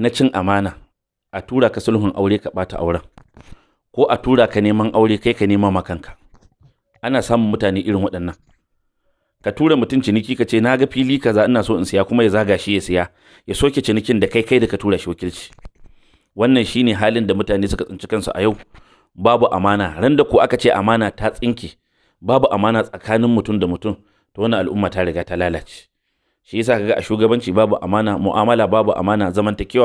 na cin amana a tura ka sulhun aure ka bata auren ko a tura ka neman aure kai ka nema makanka ana samun mutane irin waɗannan ka tura mutum ciniki ka ce na ga fili kaza ina so in siya kuma ya zaga shi ya siya ya soke cinikin da kai kai da ka tura shi wakilci wannan shine halin da mutane suka tsinci kansu a yau babu amana ran da ko aka ce amana ta tsinke babu amana tsakanin mutum da mutum to wannan al'umma ta riga ta lalace shi yasa kaga a shugabanci babu amana mu'amala babu amana zamantakewa